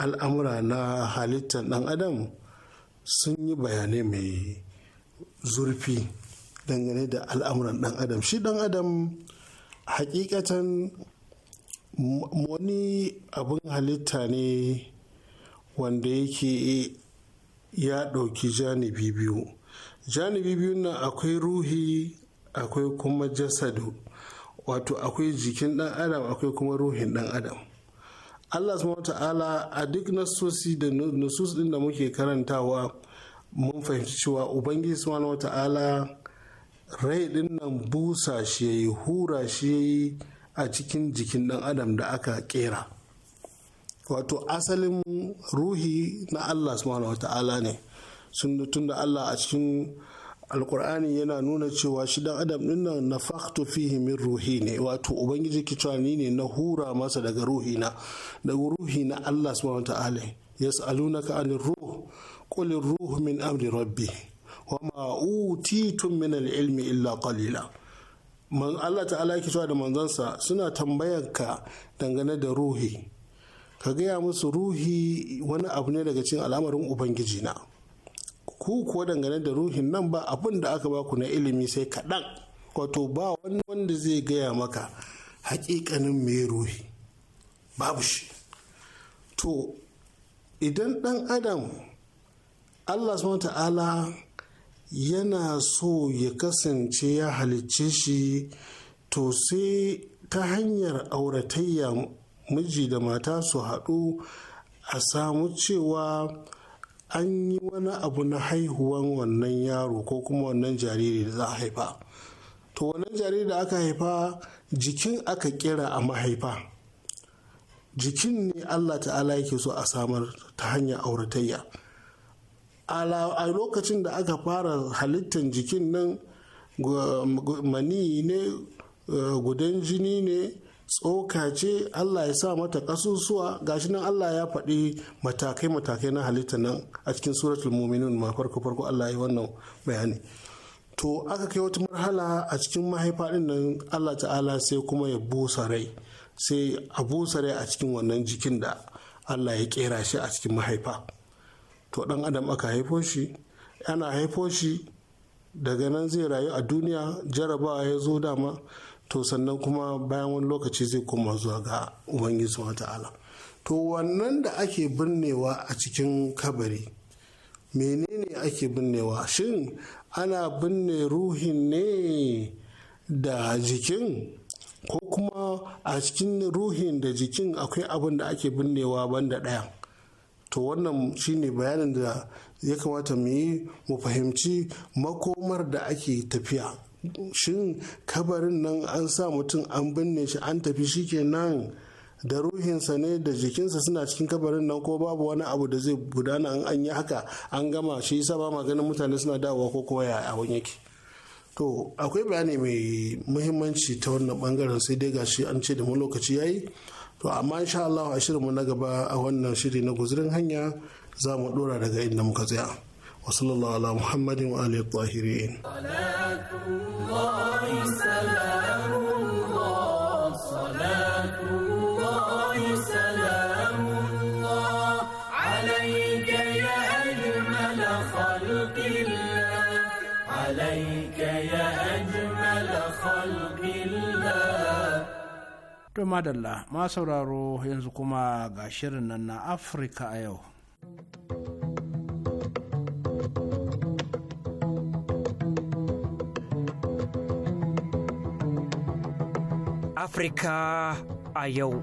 Speaker 12: al'amura na halittar dan adam sun yi bayanai mai zurfi dangane da al'amuran dan adam shi dan adam hakikatan wani abin halitta ne wanda yake ya ɗauki janibi biyu janibi biyu na akwai ruhi akwai kuma jasadu wato akwai jikin ɗan adam akwai kuma ruhin ɗan adam allah subhanahu ta'ala a duk nasusi da nasus ɗin da muke karantawa mun fahimci cewa ubangiji subhanahu ta'ala rai ɗin nan busa shi yayi hura shi yayi a cikin jikin ɗan adam da aka ƙera. wato asalin ruhi na Allah subhanahu ta'ala ne sun tun da Allah a cikin alkur'ani yana nuna cewa shi dan adam din na faktu fihi min ruhi ne wato ubangiji ki ni ne na hura masa daga ruhi na daga ruhi na Allah subhanahu ta'ala yas'alunaka anir ruh qul ruhu min amri rabbi wa ma utitum min al-ilmi illa qalila Allah ta'ala ki da manzansa suna tambayanka dangane da ruhi ka gaya musu ruhi wani abu ne daga cikin al'amarin ubangiji na ku kuwa dangane da ruhin nan ba abin da aka baku na ilimi sai kaɗan wato ba wani wanda zai gaya maka hakikanin mai ruhi babu shi to idan ɗan adam allah subhanahu ta'ala yana so ya kasance ya halicce shi to sai ta hanyar auratayya miji da mata su haɗu a samu cewa an yi wani abu na haihuwan wannan yaro ko kuma wannan jariri da za a haifa to wannan jariri da aka haifa jikin aka kira a mahaifa jikin ne allah ta'ala yake so a samar ta hanyar auratayya a lokacin da aka fara halittar jikin nan mani ne eh, gudan jini ne tsokace allah ya sa mata kasusuwa gashi nan allah ya faɗi matakai-matakai na halitta nan a cikin suratul muminun ma farko farko allah ya wannan bayani to aka kai wata marhala a cikin mahaifa ɗin nan allah ta'ala sai kuma ya busa rai sai a busa rai a cikin wannan jikin da allah ya kera shi a cikin mahaifa to ɗan adam aka haifo shi ana haifo shi daga nan zai rayu a duniya jarabawa ya zo dama to sannan kuma bayan wani lokaci zai koma zuwa ga ubangiji wa ta'ala to wannan da ake binnewa a cikin kabari menene ake binnewa shin ana binne ruhin ne da jikin ko kuma a cikin ruhin da jikin akwai abin da ake binnewa banda ɗaya to wannan shine bayanin da ya kamata mu yi mu fahimci makomar da ake tafiya shin kabarin nan an sa mutum an binne shi an tafi shi kenan da ruhinsa ne da jikinsa suna cikin kabarin nan ko babu wani abu da zai gudana an an yi haka an gama shi yasa ba maganin mutane suna dawowa ko kuma ya abun yake to akwai bayani mai muhimmanci ta wannan bangaren sai dai gashi an ce da mu lokaci yayi to amma insha Allah a mu na gaba a wannan shiri na guzurin hanya za mu dora daga inda muka tsaya وصلى الله على محمد وآله الطاهرين صلاة
Speaker 13: الله سلام الله صلاة الله سلام الله عليك يا أجمل خلق الله عليك يا أجمل خلق
Speaker 11: الله
Speaker 2: To madalla ma sauraro yanzu kuma ga shirin nan na Afirka a yau.
Speaker 4: Afrika a yau.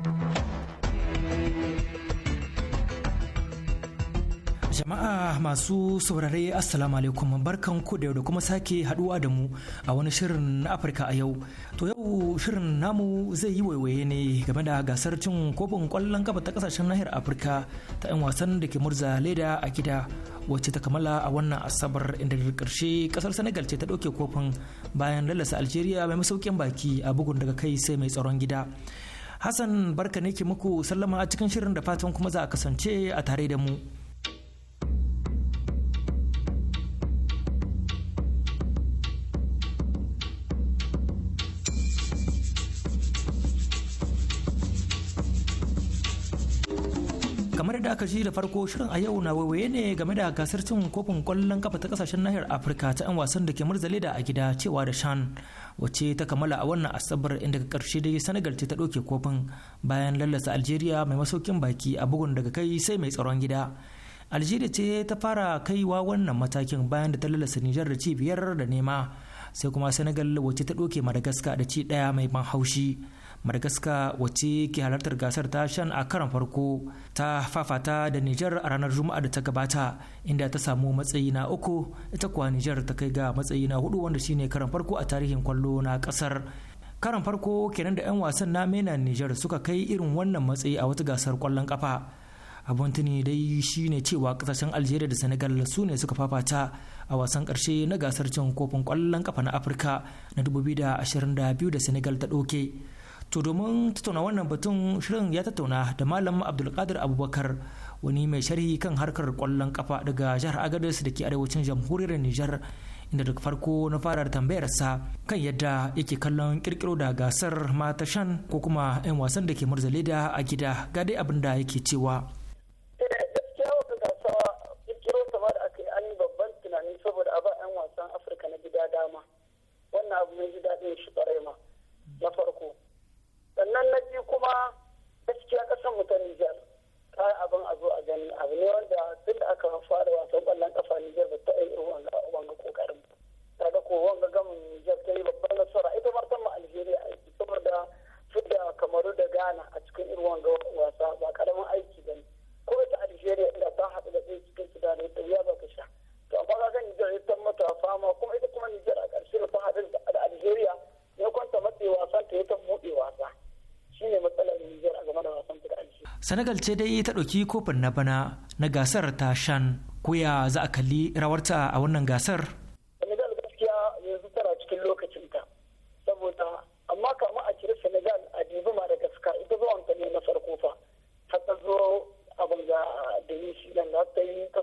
Speaker 4: Jama'a masu saurare Assalamu alaikum barkan ku da yau da kuma sake haduwa da mu a wani shirin na Afirka a yau. To yau shirin namu zai yi waiwaye ne game da gasar cin kofin kwallon kafa ta kasashen nahiyar Afirka ta 'yan wasan da ke murza leda a gida wacce ta kammala a wannan asabar inda daga karshe kasar Senegal ce ta ɗauke kofin bayan lalasa Algeria mai masaukin baki a bugun daga kai sai mai tsaron gida. Hassan barka ne ke muku sallama a cikin shirin da fatan kuma za a kasance a tare da mu. kamar da aka ji da farko shirin a yau na waiwaye ne game da gasar cin kofin kwallon kafa ta kasashen nahiyar afirka ta 'yan wasan da ke murzale da a gida cewa da shan wacce ta kammala a wannan asabar inda ga karshe dai senegal ce ta ɗauke kofin bayan lallasa algeria mai masaukin baki a bugun daga kai sai mai tsaron gida algeria ce ta fara kaiwa wannan matakin bayan da ta lallasa nijar da ci biyar da nema sai kuma senegal wace ta ɗauke madagascar da ci ɗaya mai ban haushi madagascar wace ke halartar gasar ta shan a karan farko ta fafata da niger a ranar juma'a da ta gabata inda ta samu matsayi na uku ita kuwa niger ta kai ga matsayi na hudu wanda shine karan farko a tarihin kwallo na kasar karan farko kenan da 'yan wasan na mena niger suka kai irin wannan matsayi a wata gasar kwallon kafa abun tuni dai shine cewa kasashen algeria da senegal su ne suka fafata a wasan karshe na gasar cin kofin kwallon kafa na afirka na 2022 da senegal ta doke to domin tattauna wannan batun shirin ya tattauna da malam abdulkadir abubakar wani mai sharhi kan harkar kwallon kafa daga jihar agadez da ke arewacin jamhuriyar nijar inda daga farko na fara tambayar sa kan yadda yake kallon kirkiro da gasar matashan shan ko kuma 'yan wasan da ke murzale da a gida ga dai abin da yake cewa eh,
Speaker 13: saboda a ba 'yan wasan afirka na gida dama wannan abu mai ji daɗin shi ƙwarai ma na farko sannan na biyu kuma gaskiya kasan mu ta Nijar ta abin a zo a gani abu ne wanda tun da aka fara wasan kwallon ƙafa Nijar ba ta yi irin wanga kokarin ta ga ko wanga gamin Nijar ta yi babban nasara ita ma mu Algeria aiki saboda da kamaru da Ghana a cikin irin wanga wasa ba ƙaramin aiki ba ne ko ita Algeria inda ta haɗu da ɗaya cikin Sudan ta ya ba ka sha to amma ka ga Nijar ita mata fama kuma ita kuma Nijar a ƙarshe ta haɗu da Algeria ne kwanta matse wasan ta ya ta buɗe wasa shine matsalar Nijar a game da wasan ta ƙarshe.
Speaker 4: Senegal ce dai ta ɗauki kofin na bana na gasar ta shan koya za a kalli rawarta a wannan gasar.
Speaker 13: Senegal gaskiya yanzu tana cikin lokacin ta saboda amma kama a cire Senegal a dibi Madagascar ita zuwan ta ne na farko fa har ta zo abin da da yi shi nan ta yi ta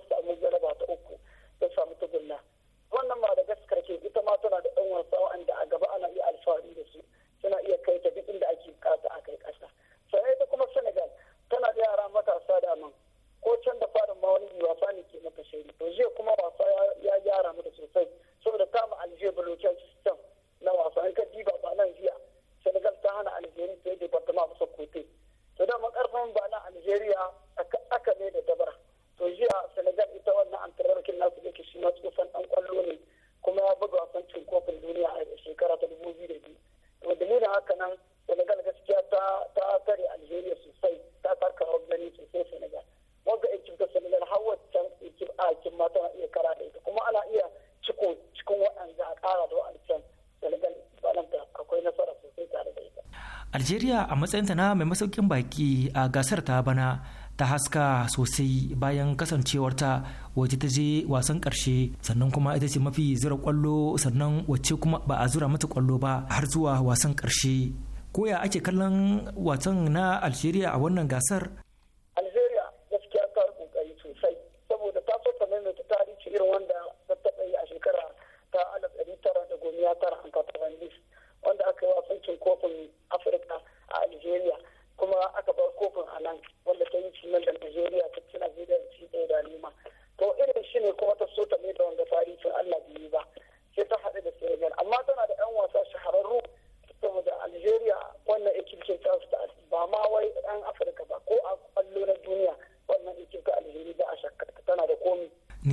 Speaker 4: najeriya a ta na mai masaukin baki a gasar ta bana ta haska sosai bayan kasancewarta wace ta je wasan karshe sannan kuma ita ce mafi zura kwallo sannan wace kuma ba a zura mata kwallo ba har zuwa wasan karshe koya ake kallon wasan na algeria a wannan gasar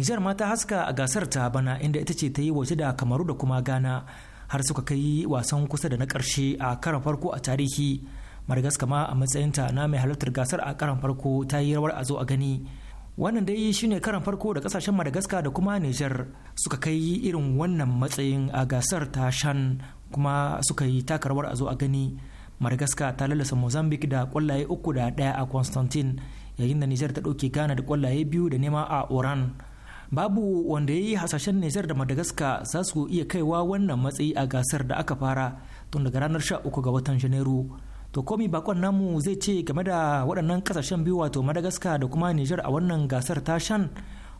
Speaker 4: Nijar ma ta haska a gasar ta bana inda ita ce ta yi waje da kamaru da kuma gana har suka kai wasan kusa da na karshe a karan farko a tarihi. madagaskar ma a matsayinta na mai halartar gasar a karan farko ta yi rawar a zo a gani. Wannan dai shine karan farko da kasashen Madagascar da kuma Nijar suka kai irin wannan matsayin a gasar ta shan kuma suka yi takarwar a zo a gani. Madagascar ta lalasa Mozambique da kwallaye uku da ɗaya a Constantine yayin da Nijar ta dauke gana da kwallaye biyu da nema a Oran. babu wanda ya yi hasashen nijar da madagascar za su iya kaiwa wannan matsayi a gasar da aka fara tun daga ranar 13 ga watan janairu to komi bakon namu zai ce game da waɗannan kasashen biyu wato madagascar da kuma nijar a wannan gasar ta shan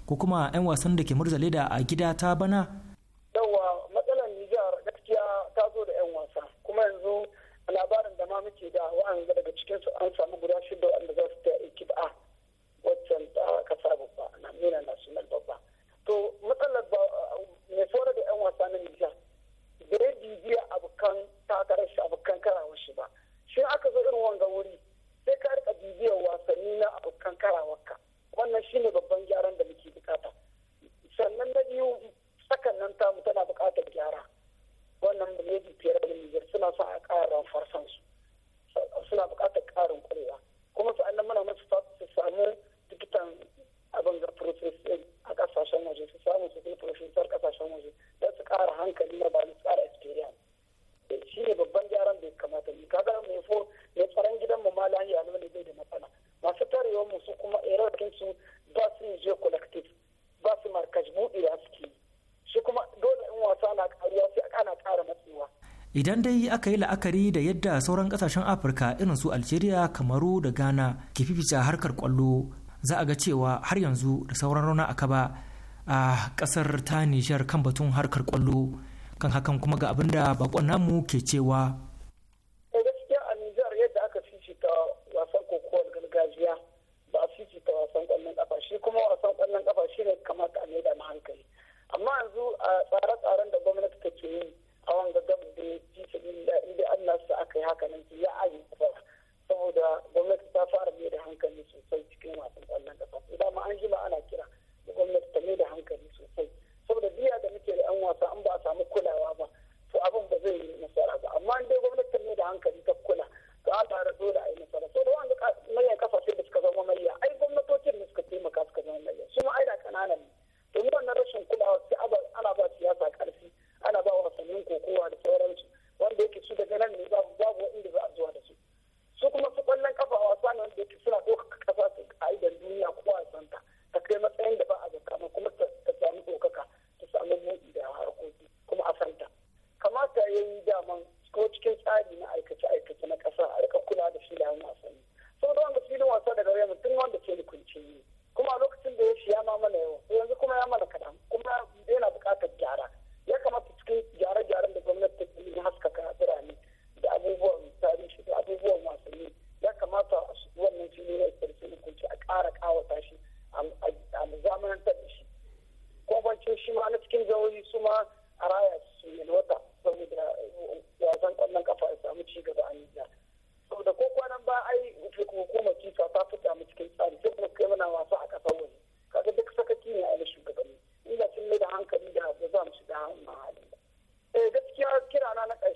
Speaker 4: ko kuma 'yan wasan da ke murzale da a gida ta bana
Speaker 13: yawa matsalar nijar gaskiya ta zo da 'yan wasa kuma yanzu labarin da ma muke da wa'anda daga cikinsu an samu guda shida wanda za su to matsalar ba ne fara da yan wasa na Nijar da ya bibiya abokan takarar shi abokan karawar shi ba shi aka zo irin wanga wuri sai ka rika bibiyar wasanni na abokan karawar ka wannan shine babban gyaran da muke bukata sannan na biyu tsakan nan tamu tana bukatar gyara wannan muledi fiyar da Nijar suna son a kara farsan su suna bukatar karin ƙwarewa kuma sa'annan muna masu su samu tikitan abin ga profesor a kasashen waje su samu su kai profesor kasashen waje don su kara hankali na balu su kara experience da eh, shi ne babban gyaran da ya kamata mu kaga mai fo mai tsaron gidan mu ma lahiya ne wanda bai da matsala masu tarewar mu su kuma erakin su ba su je collective ba su markaj buɗewa suke shi kuma dole in wasa na kariya sai ana kara
Speaker 4: matsewa idan dai aka yi la'akari da yadda sauran kasashen afirka irin su algeria kamaru da ghana ke fifita harkar kwallo za a ga cewa har yanzu da sauran rauna aka ba a kasar ta nijar kan batun harkar kwallo kan hakan kuma ga abin da bakon namu ke cewa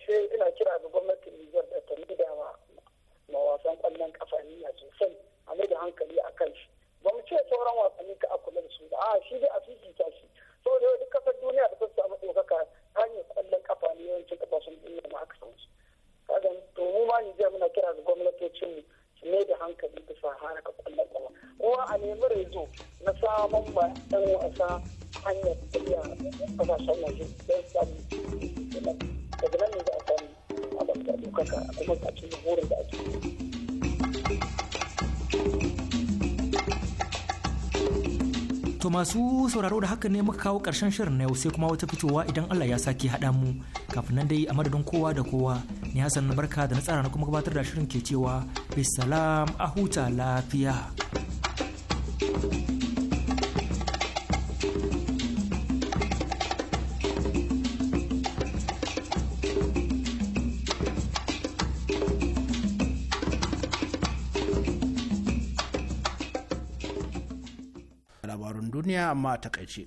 Speaker 13: ƙarshe ina kira ga gwamnatin Nijar da ta nida ma ma wasan kwallon ƙafa niyya sosai a mai da hankali a kan shi ba mu ce sauran wasanni ka a kula da su ba a shi dai a fifita shi saboda yau duk kasar duniya da ta samu ɗaukaka hanyar kwallon ƙafa ne yawancin ɗin duniya ma aka san su kaga to mu ma Nijar muna kira ga gwamnatocin mu su mai da hankali bisa ka kwallon kwallon kuma a nemi rezo na samun ba ɗan wasa hanyar tafiya kasashen waje don samu daga nan To
Speaker 4: masu sauraro da haka ne muka kawo ƙarshen shirin na yau sai kuma wata fitowa idan Allah ya sake haɗa mu kafin nan dai a madadin kowa da kowa ni Hassan barka da na tsara na kuma gabatar da shirin ke cewa bisalam a huta lafiya.
Speaker 3: amma a takaice.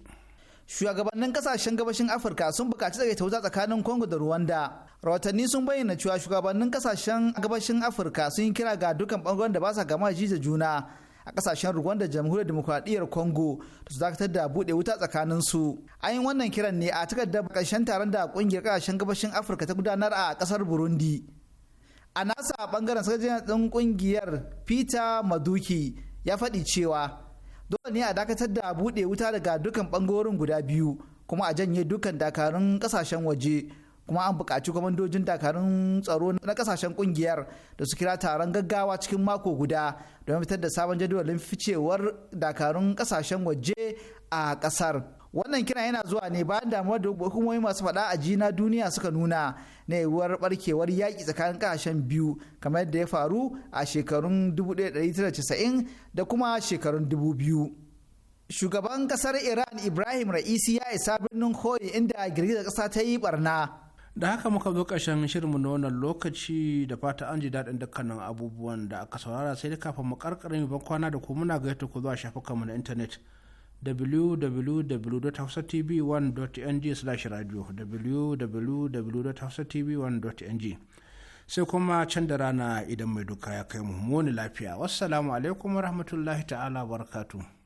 Speaker 3: shugabannin kasashen gabashin afirka sun bukaci tsagaita wuta tsakanin congo da rwanda rawatanni sun bayyana cewa shugabannin kasashen gabashin afirka sun yi kira ga dukkan bangaren da ba sa gama da juna a kasashen rwanda jamhuriyar demokradiyyar congo da su dakatar da buɗe wuta tsakanin su an yi wannan kiran ne a takardar ƙarshen taron da ƙungiyar kasashen gabashin afirka ta gudanar a kasar burundi a nasa bangaren sakajiyar ɗin ƙungiyar peter maduki ya faɗi cewa dole ne a dakatar da buɗe wuta daga dukkan ɓangarorin guda biyu kuma a janye dukkan dakarun kasashen waje kuma an buƙaci kwamandojin dakarun tsaro na ƙasashen ƙungiyar da su kira taron gaggawa cikin mako guda don fitar da sabon jadawalin ficewar dakarun ƙasashen waje a ƙasar wannan kira yana zuwa ne bayan damuwar da hukumomi masu fada a jina duniya suka nuna na yiwuwar barkewar yaƙi tsakanin ƙasashen biyu kamar yadda ya faru a shekarun 1990 da kuma shekarun 2000 shugaban kasar iran ibrahim ra'isi ya isa birnin hoyi inda girgizar kasa ta yi barna da haka muka zo ƙarshen shirinmu na wannan
Speaker 2: lokaci da fata an ji daɗin dukkanin abubuwan da aka saurara sai da kafin mu karkare mu ban kwana da kuma muna gaita ku zuwa shafukanmu na intanet www.hausatv1.ng/radio www.hausatv1.ng sai kuma can da rana idan mai duka ya kai mu muni lafiya wassalamu alaikum warahmatullahi ta'ala barakatuh